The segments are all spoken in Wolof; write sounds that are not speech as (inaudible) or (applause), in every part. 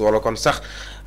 wala kon sax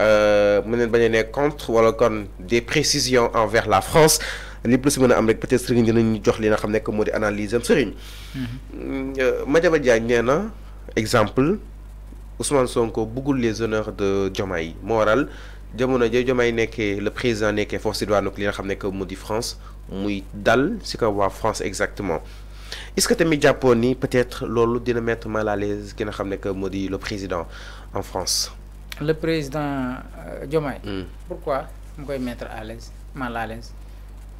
euh, mën nañ bañ a contre wala kon des précisions envers la France li plus, si am rek peut-être Serigne dinañu jox li nga xam nekk moo di analyse am Serigne. Mhm. Euh, Madiaba Diagne nee exemple Ousmane Sonko bugul les honneurs de Diomaye Moral. waral jamono ja Diomaye nekkee le président nekkee force si douane ak li nga xam nekk moo France muy dal si ko France exactement. est-ce que tamit jàppoon ni peut-être lolu dina mettre mal à l'aise ki nga xam ne que le président en France le président euh, Diomaye. Hmm. pourquoi Je mettre à l'aise mal à l'aise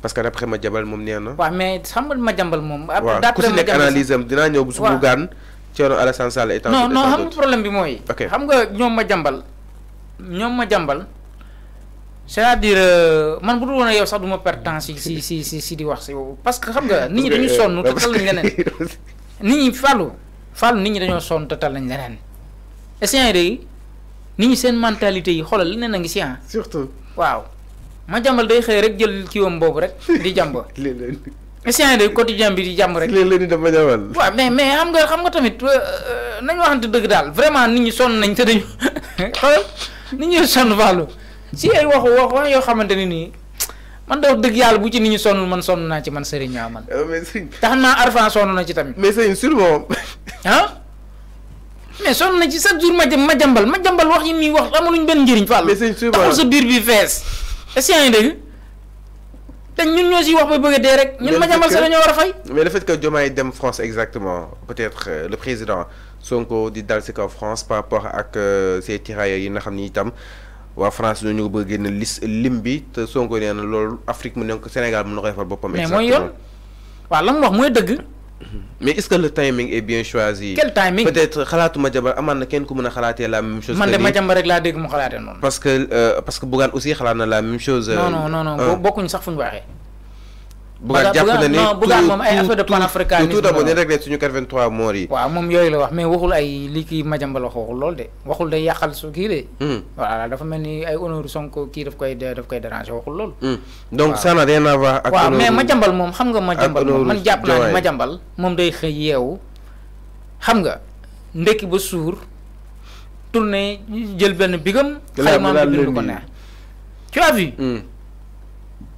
parce que d'après ma moom nee mais je parce si c'est non non le problème bi xam nga c'est-à-dire je ne pas yow sax temps si si si si si si parce que xam nga nit pas dañu total nit nit ni ñi seen mentalité yi xolal leneen a ngi si ah. surtout waaw ma jàmbal day xëy rek jël kiwam boobu rek di jàmb. sien (laughs) de quotidien bi di jàmm rek léeg-léeg dafa jawal waaw mais mais xam nga xam nga tamit euh, euh, nañ waxante dëgg daal vraiment nit ñi sonn nañ te dañu (laughs) xool nit ñi sonn faalu si ay waxu wax wax yoo xamante ni nii man de wax dëgg yàlla bu ci nit ñi sonnul man sonn naa ci man Serigne waaw man te xam naa arfan sonn na ci tamit mais Serigne sur moom ah (laughs) mais sonn na ci chaque jour ma jëm ma jàmbal ma jàmbal wax yi muy wax amaluñ benn njëriñ fàll taxul sa bir bi fess est-ce que dégg te ñun ñoo ci wax ba bëgg dé rek ñun ma jàmbal sa dañoo wara fay mais le fait que Diomaye dem France exactement peut-être euh, le président Sonko di dal ci kaw France par rapport ak euh, ces tirailleurs yi nga xamni itam wa France ñoo ñu bëgg a génn liste lim te Sonko néna lool Afrique mu ne ko Sénégal mu na ko defal boppam mais moy yoon wa lam wax moy dëgg mais est-ce que le timing est bien choisi. quel timing peut-être xalaatuma jabar amaan na kenn ku mën a xalaatee la même chose. man de ma jàmba rek laa dégg mu xalaatee noonu. parce que euh, parce que Bougane aussi xalaat na la même chose. non euh, non non bokkuñ sax fu ñu waxee. Bougane jàpp na ni non Bougane moom ay affaire de panafricanisme tout d'abord waaw moom yooyu la wax mais waxul ay li kii Madiambal wax waxul loolu de waxul day yàqal su kii de. voilà hmm. dafa mel ni ay honneur Sonko kii daf koy daf koy déranger waxul loolu. Hmm. donc ça n'a rien à voir ak. waaw mais Madiambal moom xam nga Madiambal moom man jàpp naa ni Madiambal moom day xëy yeewu xam nga ndekki ba suur tourné jël benn bigam. xaymaam bi bind ko neex tu as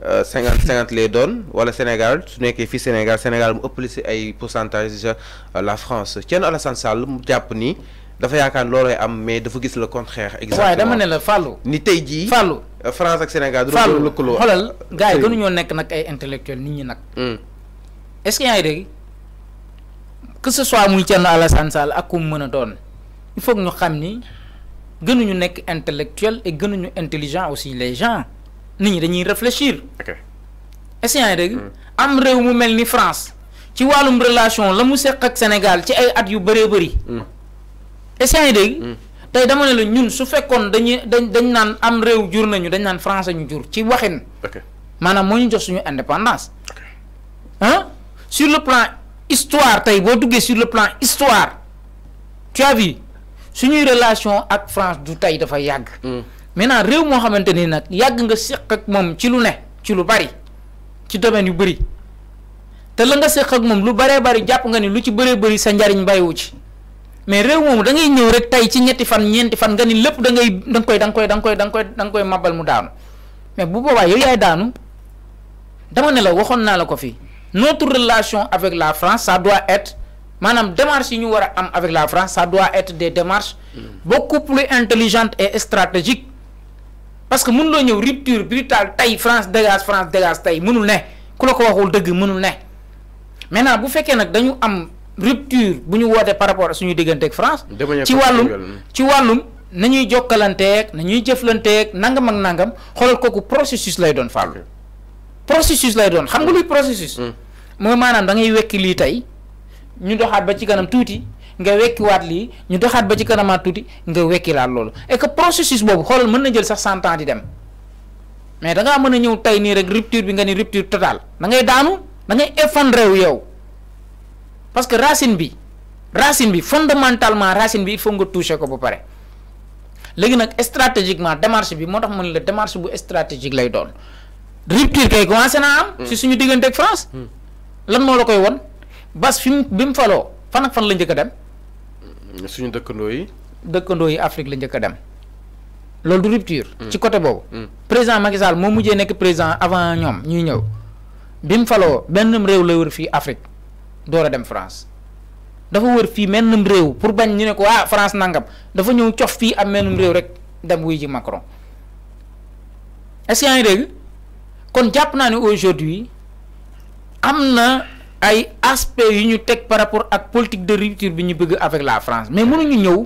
50-50 les donne wala Sénégal su que fils Sénégal Sénégal mu ëppale si ay pourcentage euh, la France Thierno Alassane Sall mu jàpp ni dafa yaakaar loolooy am mais dafa gis le contraire. exactement ouais dama ne ni tey jii euh, France ak Sénégal. Fallou le xoolal gars yi gënuñoo nekk nag ay intellectuel nit ñi hmm. est-ce qu'il y a des que ce soit muy Thierno Alassane Sall ak ku mu mën il faut que ñu xam ni gënuñu nekk intellectuel et gënuñu intelligent aussi les gens. Nous devons réfléchir. ok est dire, vous avez am ni France relation la le avec Sénégal ci ay at hmm. est hmm. dama le ñun su dañ dañ am ou jur nañu France ñu jur ci nous devons ñu hein? sur le plan histoire sur le plan histoire tu as vu une relation ak France du tey dafa mais maintenant réew moo xamante ni nag yàgg nga seq ak moom ci lu ne ci lu bari ci domaine yu bëri te la nga seq ak moom lu baree bari jàpp nga ni lu ci bëree bëri sa njariñ bàyyiwu ci mais réew moomu da ngay ñëw rek tey ci ñetti fan ñeenti fan nga ni lépp da ngay da koy da koy danga koy da koy da koy mabal mu daanu mais bu boobaa yow yaay daanu dama ne la waxoon naa la ko fii notre relation avec la France ça doit être maanaam démarche yi ñu war a am avec la France ça doit être des démarches mm. beaucoup intelligentes et stratégiques parce que mënuloo ñëw rupture brutale tey France dégage France dégage tey mënul ne ku la ko waxul dëgg ne maintenant bu fekkee nag dañu am rupture bu ñu wootee par rapport suñu digënté ak France. ci walum ci walum na ñuy ak na jëflanté ak nangam ak nangam xoolal kooku processus lay doon fàllu processus lay doon xam nga luy processus. Hmm. mo manam da ngay wekki li tay ñu doxat ba ci kanam tuuti nga wat li ñu doxat ba ci kanamaat tuuti nga la lool et que processus bobu xolal mën na jël sax 100 ans di dem mais da nga mëna a tay ni rek rupture bi nga ni rupture total da ngay daanu da ngay effondrer yow parce que racine bi racine bi fondamentalement racine bi il faut nga toucher ko ba pare légui nak stratégiquement démarche bi motax mëna le la démarche bu stratégique lay doon rupture kay commencé na am. ci mm. suñu digënté ak France. Mm. lan mo la koy won bas fim bim falo fan ak fan la ñëk dem. suñu dëkkandoo yi. dëkkandoo yi Afrique la njëkk a dem loolu du rupture. Mm. ci côté boobu. Mm. président Macky Sall moo mm. mujjee nekk président avant ñoom ñuy ñëw bi mu faloo benn réew la wër fii Afrique door a dem France dafa wër fii mennum réew pour bañ ñu ne ko ah France nangam dafa ñëw cof fii am mennum réew rek dem wuy ji Macron est-ce que dégg kon jàpp naa ne aujourd'hui am na. ay aspect yi ñu teg par rapport ak politique de rupture bi ñu bëgg avec la France mais mënuñu ñëw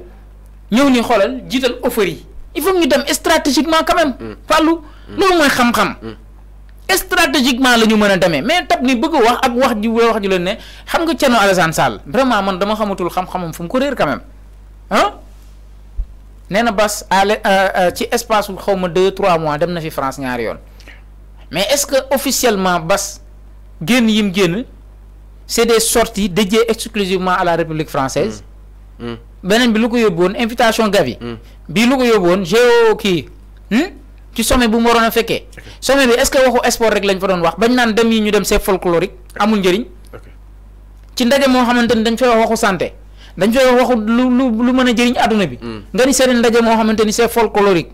ñëw ni xoolal jiital offer yi il faut ñu dem stratégiquement quand même mm. fàllu mm. loolu mooy xam-xam mm. stratégiquement la ñu mën a demee mais tab ni bëgg wax ak wax ji wax ji leen ne xam nga Thierno Alassane Sall vraiment man dama xamatul xam-xamam fu mu ko réer quand même hein nee na bas à euh, euh, ci espace wu xaw ma deux trois mois dem na fi France ñaari yoon mais est-ce que officiellement bas génn yim génn c'est des sorties dédiées exclusivement à la République française mm. Mm. beneen bi lu ko yóbbu woon invitation Gavi mm. bii lu ko yóbbu woon géo kii hmm? ci sommet bu mu waroon a fekkee sommet bi est que waxu sport rek lañ fa doon wax bañ naan dem yi ñu dem c'est folklorique amul njëriñ ci ndaje moo xamante ni dañ fay wax waxu santé dañ fay wax waxu lu lu lu mën a jëriñ àdduna bi nga ni seen ndaje moo xamante ni c'est folklorique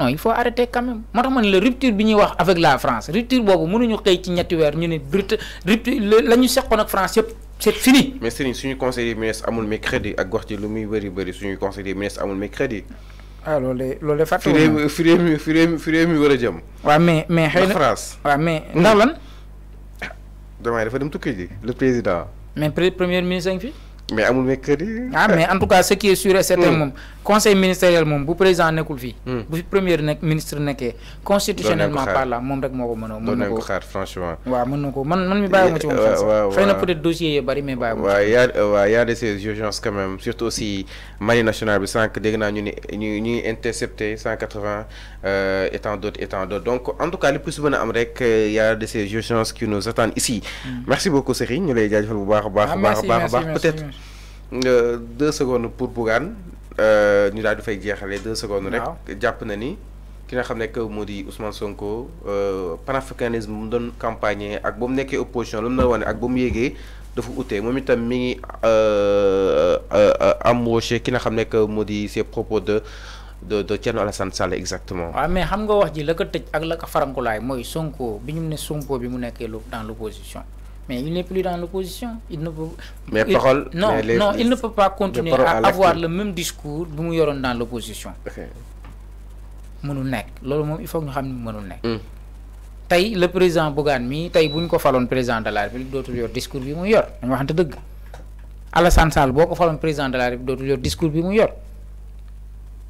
non il faut arrêter quand même moo tax ma ne la rupture bi wax avec la France rupture boobu mënuñu xëy ci ñetti weer ñu ne rupture la ñu seqoon ak France yëpp c'est fini. mais Serigne suñu conseil des ministres amul mercredi ak wax ci lu muy bëri bëri suñu conseil des ministres amul mercredi. ah loolu de loolu de fàtte wu fi réew mi fi réew mi fi réew mi mais mais xëy na France. waaw mais ndax lan. Ah, damay dafa dem tukki ji le président. mais premier ministre a ngi fi mais amul mercredi. ah mais en tout cas ce qui est sûr c'est certain hmm. moom conseil ministériel moom bu président nekul hmm. fi bu premier nekk ministre neké constitutionnellement parlant mom rek moko meuno mënoo. mën na ko xaar franchement. wa meuno ko man man mi bàyyi ma ci moom. fayna euh, peut être dossier yi bari mais bàyyi wa ya y' a des urgences quand même surtout aussi marine nationale bi sank dégg naa ñu ne ñu intercepté 180 euh vingt et tant d' donc en tout cas le plus mën am rek euh, ya des urgences qui nous attendent ici. Hmm. merci beaucoup Serigne ñu lay jaajëfal bu baax a baax. a ah, baax baax peut être. Euh, deux secondes pour Bougan. Nous avons fait deux secondes rek na ni ki nga Ousmane Sonko euh, panafricanisme bu campagne ak en opposition lu na wane ak ba mu mi euh, propos de de de Alassane Sall exactement. Ah mais xam nga Sonko biñu Sonko bi dans l'opposition mais il n'est plus dans l'opposition. Il ne peut, mais parole, non, non, il ne peut pas continuer à, avoir le même discours que nous dans l'opposition mënul il faut que ñu xam ne hmm. le président Bogan mi tay buñ ko président de la République dootul yor discours bi mu yor dañ waxante deug Alassane Sall boko ko président de la République dootul yor discours bi mu yor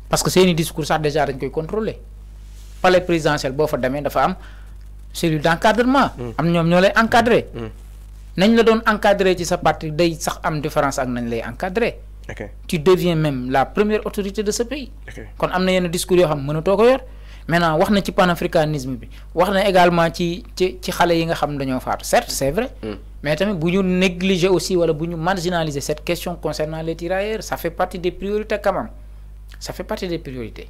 parce que c'est une discours ça déjà dañ koy contrôler palais présidentiel boo fa demee dafa am cellule d'encadrement hmm. am ñom ñolay encadrer hmm nañ la doon encadré ci sa parti day sax am différence ak nañ lay encadré. tu deviens même la première autorité de ce pays. kon am na yenn discours yoo xam mënatoo ko yor maintenant wax na ci panafricanisme bi wax na également ci ci ci xale yi nga xam certes c'est vrai. Hmm. mais tamit bu ñu négliger aussi wala bu marginaliser cette question concernant les tirailleurs ça fait partie des priorités quand même ça fait partie des priorités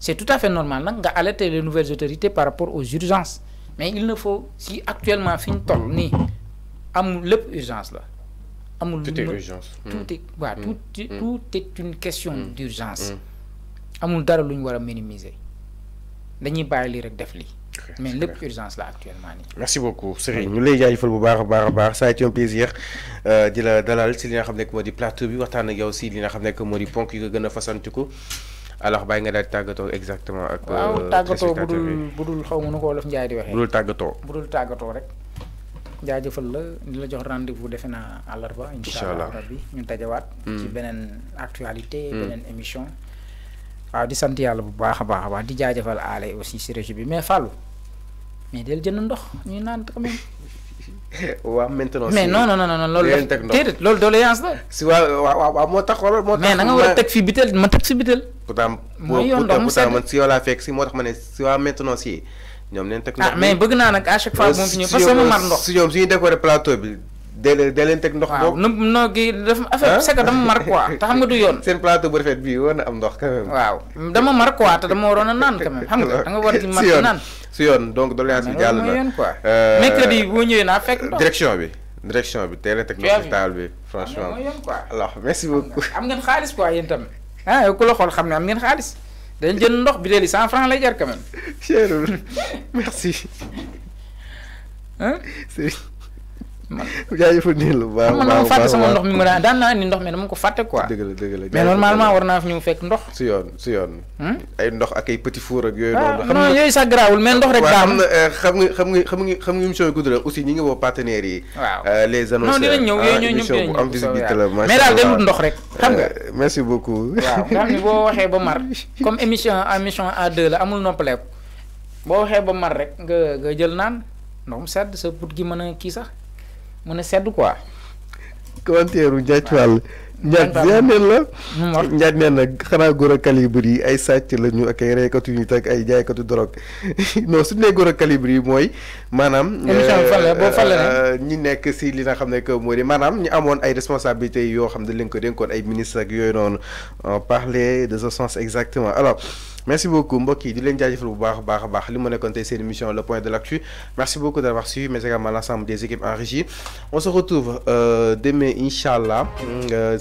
C'est tout à fait normal nag nga alerter les nouvelles autorités par rapport aux urgences mais il ne faut si actuellement fi ñu amul lépp urgence la amul tout est urgence hmm. tout est waaw hmm. tout hmm. tout est une question d'urgence amul dara lu wara minimiser dañuy bàyyi rek def li mais lepp urgence la actuellement nii. merci beaucoup Serigne ñu lay jaajëfal bu baax a baax baax ça a un plaisir euh, di la dalal ci li nga xamné ko moo di plateau bi waxtaan ak yow si li nga xamné ko modi di ponk yi gëna fassantiku alors bay nga daal tagato exactement. ak euh, tagato budul budul xawmu ma nu ko di waxe budul tagato budul tagato rek. jaajëfal la ñu la jox rendez-vous defe naa àllarba. incha allah rabbi ñu dajawaat. Hmm. ci beneen actualité. Hmm. beneen émission. waaw di sant yàlla bu baax a baax a baax di jaajëfal aale aussi si région bi mais Fallou mais del jënd ndox ñuy naan quand même. (laughs) (laughs) waaw maintenant mais non non non non loolu la déedéet loolu doléance la. si waaw waaw waaw moo tax moo tax mais na nga war a teg fii bitel ma teg si bitel. pourtant pourtant m si yow laa fekk si moo tax ma ne si waa maintenant si ñoom neen teg ndox. ah mais bëgg naa nag à chaque fois moom fi ñëw parce que ma mar ndox. si ñoom su ñu décoré plateau bi. déedéet da leen teg ndox. waaw nu noo kii dafa affaire c'est que dama mar quoi te xam nga du yoon. (laughs) seen plateau bu rafet bii war na am ndox quand même. waaw dama mar quoi te dama waroon a quand même xam nga (laughs) da nga war di mar di naan. yoon donc doléance bi jàll na mais euh, mercredi boo ñëwee naa fekk ndox direction bi. direction bi teel a ndox si bi franchement. alors merci beaucoup. am ngeen xaalis quoi yéen tamit ah yow ku la xool xam ne am ngeen xaalis dañ jënd ndox bi déedéet cent franc lay jar quand même. chérul merci jaajëfal ya, ya, nii lu baax man sama ndox mi ma daan daan ni ndox mi dama ya, ko fàtte quoi dëgg la dëgg la mais normalement war fi ñëw fekk ndox si yoon si yoon hmm? ay ndox ak ay petit four ak ah, yooyu noonu non yooyu sax garaawul mais ndox rek daam eh, xam nga xam nga xam nga xam nga aussi ñi yi euh, les non dinañ ah, am visibilité la mais ndox rek xam nga euh, merci beaucoup waaw ba mar (laughs) comme émission émission A2 la amul noppaleeku boo waxee ba mar rek nga nga jël ndox mu sedd sa put gi sax mun a sedd quoi. commentaire Ndiathie Fall. Ndiath ziar neen la. Ndiath neen na xanaa goro a calibre yi ay sàcc lañu ak ay reykatu nit ak ay jaaykatu drogue (laughs) non su ñu goro góor a calibre yi mooy maanaam. émission bi euh, euh, ñi nekk si li nga xam ne que moo di maanaam ñu amoon ay responsabilité yoo xam ne dañ leen ko dénkoon ay ministre ak yooyu noonu on parlait de ce sens exactement alors. merci beaucoup Mboki, du di à émission le point de l'actu merci beaucoup d'avoir suivi Mes également l'ensemble des équipes en régie on se retrouve euh, demain inchallah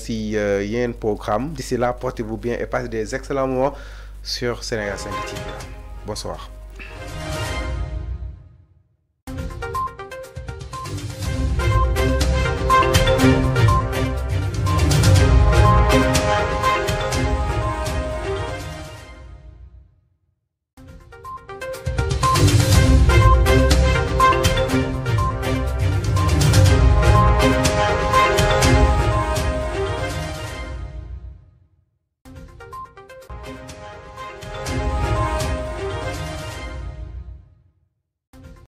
y a un programme d'ici là portez-vous bien et passez des excellents mois sur Sénégal 5 bonsoir